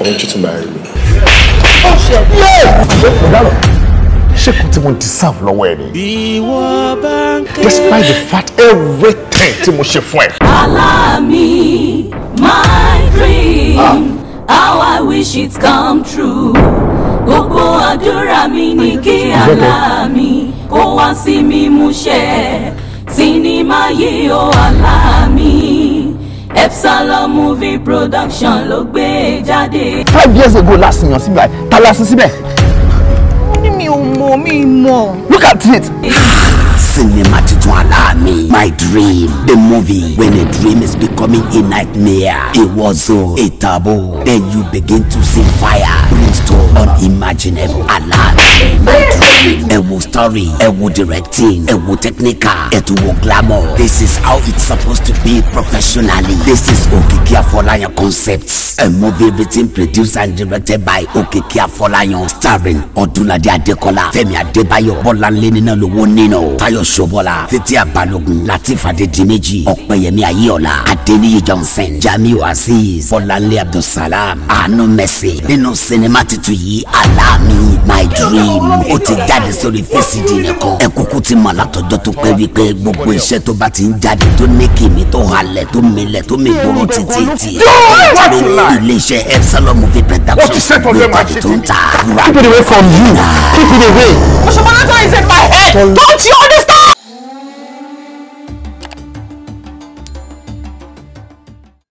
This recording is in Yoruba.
I want you to marry me. Oh, shit. Yeah! ṣé kò tí mo deserve lọ́wọ́ ẹ ni. despite the fact everything tí mo ṣe fún ẹ. my dream how I wish it come true gbogbo adura mi niki kí alami kó wá sí mímúṣẹ sinimá yìí ó alami. Sálọ movie production ló gbé jáde. five years ago last year, síbẹ̀ ta la sin síbẹ̀. mo ní mi ò mọ̀ mi mọ̀. look at it. Cinema titun alaami my dream the movie when a dream is becoming a nightmare a war zone a taboo then you begin to see fire bring to unimaginable alaami my dream ẹ story ẹ directing ẹ technical ẹ tún glamour this is how it's supposed to be professionally this is Okiki Afolayan concepts a movie written produced and directed by Okiki Afolayan starring Odunlade Adekola Femi Adebayo Bọ́láńlé nínà lówó nínà Tayo Sobola Títí Abalogun Latif Adedimeji Ọ̀pẹ̀yẹmí Ayéọlá Adeniyi Johnson Jamiu Azeez Bọ́láńlé Abdulsalam Àánú Mercy nínú sinimá titun yìí Àlá mi my dream ó ti jáde sórí sórí fèsìdì nìkan ẹ kúkú ti mọ̀ látọjọ́ tó pẹ́ wípé gbogbo iṣẹ́ tó bá ti ń jáde tó ní kìmí tó halẹ̀ tó milẹ̀ tó mi gbòòrò títí tí iléeṣẹ́ epsilon movie production ló jáde tó ń ta. keep it away from you keep it away. Oshobanata is in my head don't you understand.